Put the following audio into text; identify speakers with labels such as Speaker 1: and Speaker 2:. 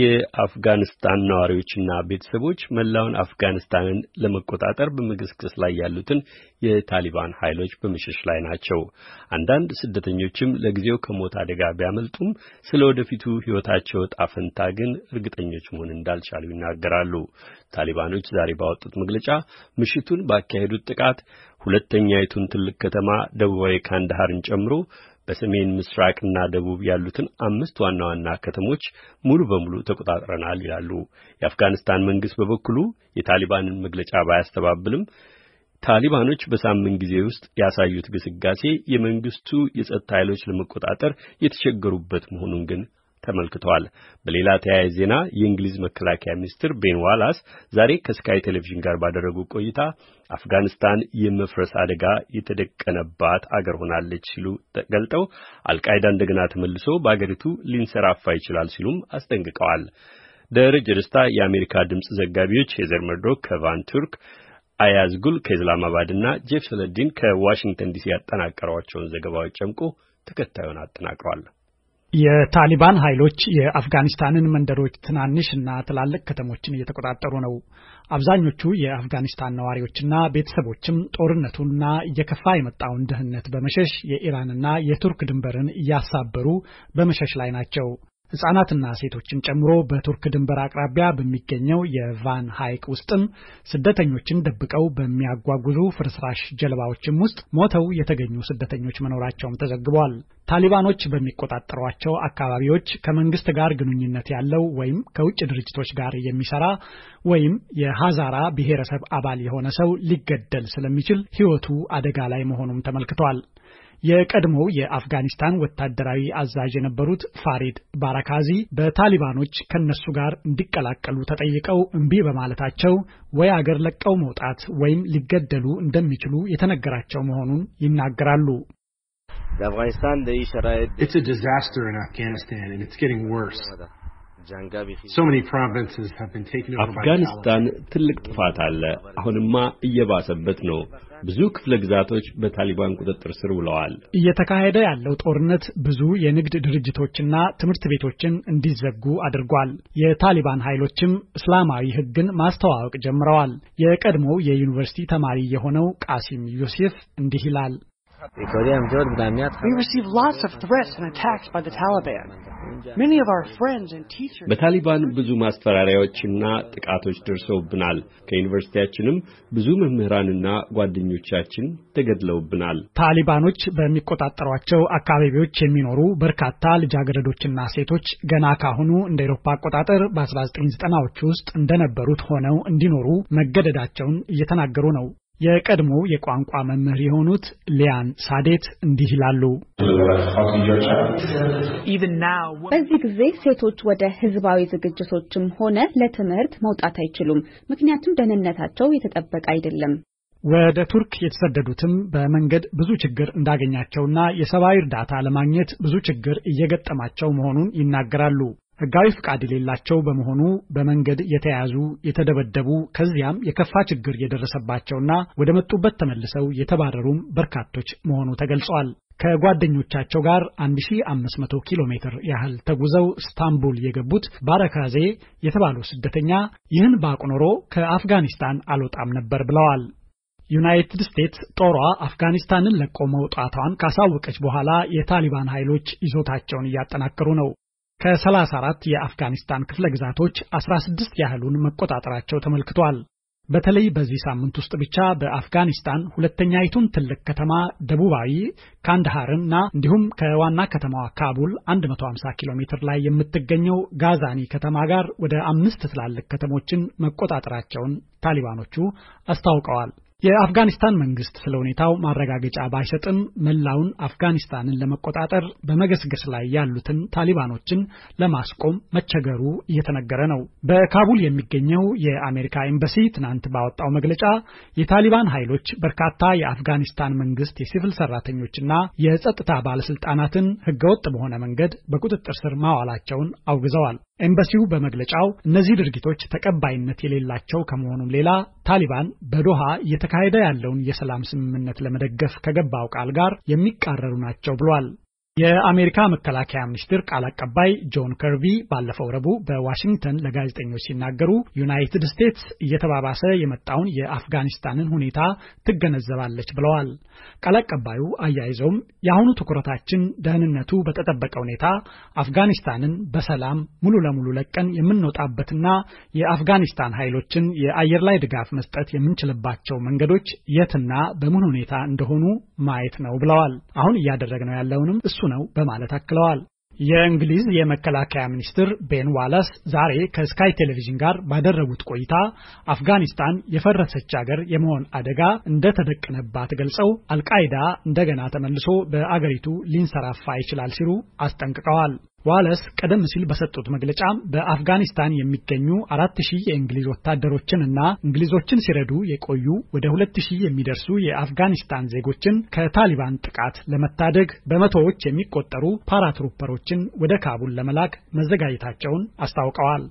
Speaker 1: የአፍጋኒስታን ነዋሪዎችና ቤተሰቦች መላውን አፍጋኒስታንን ለመቆጣጠር በመገስገስ ላይ ያሉትን የታሊባን ኃይሎች በመሸሽ ላይ ናቸው። አንዳንድ ስደተኞችም ለጊዜው ከሞት አደጋ ቢያመልጡም ስለ ወደፊቱ ሕይወታቸው ጣፈንታ ግን እርግጠኞች መሆን እንዳልቻሉ ይናገራሉ። ታሊባኖች ዛሬ ባወጡት መግለጫ ምሽቱን ባካሄዱት ጥቃት ሁለተኛይቱን ትልቅ ከተማ ደቡባዊ ካንዳሃርን ጨምሮ በሰሜን ምስራቅና ደቡብ ያሉትን አምስት ዋና ዋና ከተሞች ሙሉ በሙሉ ተቆጣጥረናል ይላሉ። የአፍጋኒስታን መንግስት በበኩሉ የታሊባንን መግለጫ ባያስተባብልም ታሊባኖች በሳምንት ጊዜ ውስጥ ያሳዩት ግስጋሴ የመንግስቱ የጸጥታ ኃይሎች ለመቆጣጠር የተቸገሩበት መሆኑን ግን ተመልክተዋል። በሌላ ተያያዥ ዜና የእንግሊዝ መከላከያ ሚኒስትር ቤን ዋላስ ዛሬ ከስካይ ቴሌቪዥን ጋር ባደረጉ ቆይታ አፍጋኒስታን የመፍረስ አደጋ የተደቀነባት አገር ሆናለች ሲሉ ገልጠው አልቃይዳ እንደገና ተመልሶ በአገሪቱ ሊንሰራፋ ይችላል ሲሉም አስጠንቅቀዋል። ደረጀ ደስታ የአሜሪካ ድምፅ ዘጋቢዎች የዘር መድሮክ ከቫን ቱርክ አያዝጉል ከኢስላማባድና ጄፍ ሰለዲን ከዋሽንግተን ዲሲ ያጠናቀሯቸውን ዘገባዎች ጨምቆ ተከታዩን አጠናቅሯል።
Speaker 2: የታሊባን ኃይሎች የአፍጋኒስታንን መንደሮች ትናንሽ እና ትላልቅ ከተሞችን እየተቆጣጠሩ ነው። አብዛኞቹ የአፍጋኒስታን ነዋሪዎችና ቤተሰቦችም ጦርነቱንና እየከፋ የመጣውን ድህነት በመሸሽ የኢራንና የቱርክ ድንበርን እያሳበሩ በመሸሽ ላይ ናቸው። ህጻናትና ሴቶችን ጨምሮ በቱርክ ድንበር አቅራቢያ በሚገኘው የቫን ሐይቅ ውስጥም ስደተኞችን ደብቀው በሚያጓጉዙ ፍርስራሽ ጀልባዎችም ውስጥ ሞተው የተገኙ ስደተኞች መኖራቸውም ተዘግቧል። ታሊባኖች በሚቆጣጠሯቸው አካባቢዎች ከመንግስት ጋር ግንኙነት ያለው ወይም ከውጭ ድርጅቶች ጋር የሚሰራ ወይም የሃዛራ ብሔረሰብ አባል የሆነ ሰው ሊገደል ስለሚችል ሕይወቱ አደጋ ላይ መሆኑም ተመልክቷል። የቀድሞው የአፍጋኒስታን ወታደራዊ አዛዥ የነበሩት ፋሪድ ባራካዚ በታሊባኖች ከነሱ ጋር እንዲቀላቀሉ ተጠይቀው እምቢ በማለታቸው ወይ አገር ለቀው መውጣት ወይም ሊገደሉ እንደሚችሉ የተነገራቸው መሆኑን ይናገራሉ።
Speaker 1: It's a disaster in Afghanistan and it's getting worse. አፍጋኒስታን ትልቅ ጥፋት አለ። አሁንማ እየባሰበት ነው። ብዙ ክፍለ ግዛቶች በታሊባን ቁጥጥር ስር ውለዋል።
Speaker 2: እየተካሄደ ያለው ጦርነት ብዙ የንግድ ድርጅቶችና ትምህርት ቤቶችን እንዲዘጉ አድርጓል። የታሊባን ኃይሎችም እስላማዊ ሕግን ማስተዋወቅ ጀምረዋል። የቀድሞው የዩኒቨርሲቲ ተማሪ የሆነው ቃሲም ዮሴፍ እንዲህ ይላል።
Speaker 1: We
Speaker 2: receive lots of threats and attacks by the Taliban.
Speaker 1: በታሊባን ብዙ ማስፈራሪያዎችና ጥቃቶች ደርሰውብናል። ከዩኒቨርሲቲያችንም ብዙ መምህራንና ጓደኞቻችን ተገድለውብናል።
Speaker 2: ታሊባኖች በሚቆጣጠሯቸው አካባቢዎች የሚኖሩ በርካታ ልጃገረዶችና ሴቶች ገና ካሁኑ እንደ ኤሮፓ አቆጣጠር በ1990ዎቹ ውስጥ እንደነበሩት ሆነው እንዲኖሩ መገደዳቸውን እየተናገሩ ነው። የቀድሞ የቋንቋ መምህር የሆኑት ሊያን ሳዴት እንዲህ ይላሉ። በዚህ ጊዜ ሴቶች ወደ ሕዝባዊ ዝግጅቶችም ሆነ ለትምህርት መውጣት አይችሉም፣ ምክንያቱም ደህንነታቸው የተጠበቀ አይደለም። ወደ ቱርክ የተሰደዱትም በመንገድ ብዙ ችግር እንዳገኛቸውና የሰብአዊ እርዳታ ለማግኘት ብዙ ችግር እየገጠማቸው መሆኑን ይናገራሉ። ሕጋዊ ፍቃድ የሌላቸው በመሆኑ በመንገድ የተያዙ የተደበደቡ ከዚያም የከፋ ችግር የደረሰባቸውና ወደ መጡበት ተመልሰው የተባረሩም በርካቶች መሆኑ ተገልጿል። ከጓደኞቻቸው ጋር 1500 ኪሎ ሜትር ያህል ተጉዘው ስታንቡል የገቡት ባረካዜ የተባሉ ስደተኛ ይህን በአቁኖሮ ኖሮ ከአፍጋኒስታን አልወጣም ነበር ብለዋል። ዩናይትድ ስቴትስ ጦሯ አፍጋኒስታንን ለቆ መውጣቷን ካሳወቀች በኋላ የታሊባን ኃይሎች ይዞታቸውን እያጠናከሩ ነው። ከ34 የአፍጋኒስታን ክፍለ ግዛቶች 16 ያህሉን መቆጣጠራቸው ተመልክቷል። በተለይ በዚህ ሳምንት ውስጥ ብቻ በአፍጋኒስታን ሁለተኛይቱን ትልቅ ከተማ ደቡባዊ ካንዳሃርን እና እንዲሁም ከዋና ከተማዋ ካቡል 150 ኪሎ ሜትር ላይ የምትገኘው ጋዛኒ ከተማ ጋር ወደ አምስት ትላልቅ ከተሞችን መቆጣጠራቸውን ታሊባኖቹ አስታውቀዋል። የአፍጋኒስታን መንግስት ስለ ሁኔታው ማረጋገጫ ባይሰጥም መላውን አፍጋኒስታንን ለመቆጣጠር በመገስገስ ላይ ያሉትን ታሊባኖችን ለማስቆም መቸገሩ እየተነገረ ነው። በካቡል የሚገኘው የአሜሪካ ኤምባሲ ትናንት ባወጣው መግለጫ የታሊባን ኃይሎች በርካታ የአፍጋኒስታን መንግስት የሲቪል ሰራተኞችና የጸጥታ ባለስልጣናትን ህገወጥ በሆነ መንገድ በቁጥጥር ስር ማዋላቸውን አውግዘዋል። ኤምባሲው በመግለጫው እነዚህ ድርጊቶች ተቀባይነት የሌላቸው ከመሆኑም ሌላ ታሊባን በዶሃ እየተካሄደ ያለውን የሰላም ስምምነት ለመደገፍ ከገባው ቃል ጋር የሚቃረሩ ናቸው ብሏል። የአሜሪካ መከላከያ ሚኒስትር ቃል አቀባይ ጆን ከርቢ ባለፈው ረቡዕ በዋሽንግተን ለጋዜጠኞች ሲናገሩ ዩናይትድ ስቴትስ እየተባባሰ የመጣውን የአፍጋኒስታንን ሁኔታ ትገነዘባለች ብለዋል። ቃል አቀባዩ አያይዘውም የአሁኑ ትኩረታችን ደህንነቱ በተጠበቀ ሁኔታ አፍጋኒስታንን በሰላም ሙሉ ለሙሉ ለቀን የምንወጣበትና የአፍጋኒስታን ኃይሎችን የአየር ላይ ድጋፍ መስጠት የምንችልባቸው መንገዶች የትና በምን ሁኔታ እንደሆኑ ማየት ነው ብለዋል። አሁን እያደረግነው ያለውንም ነው በማለት አክለዋል። የእንግሊዝ የመከላከያ ሚኒስትር ቤን ዋላስ ዛሬ ከስካይ ቴሌቪዥን ጋር ባደረጉት ቆይታ አፍጋኒስታን የፈረሰች አገር የመሆን አደጋ እንደተደቀነባት ገልጸው አልቃይዳ እንደገና ተመልሶ በአገሪቱ ሊንሰራፋ ይችላል ሲሉ አስጠንቅቀዋል። ዋለስ ቀደም ሲል በሰጡት መግለጫ በአፍጋኒስታን የሚገኙ አራት ሺህ የእንግሊዝ ወታደሮችን እና እንግሊዞችን ሲረዱ የቆዩ ወደ ሁለት ሺህ የሚደርሱ የአፍጋኒስታን ዜጎችን ከታሊባን ጥቃት ለመታደግ በመቶዎች የሚቆጠሩ ፓራትሩፐሮችን ወደ ካቡል ለመላክ መዘጋጀታቸውን አስታውቀዋል።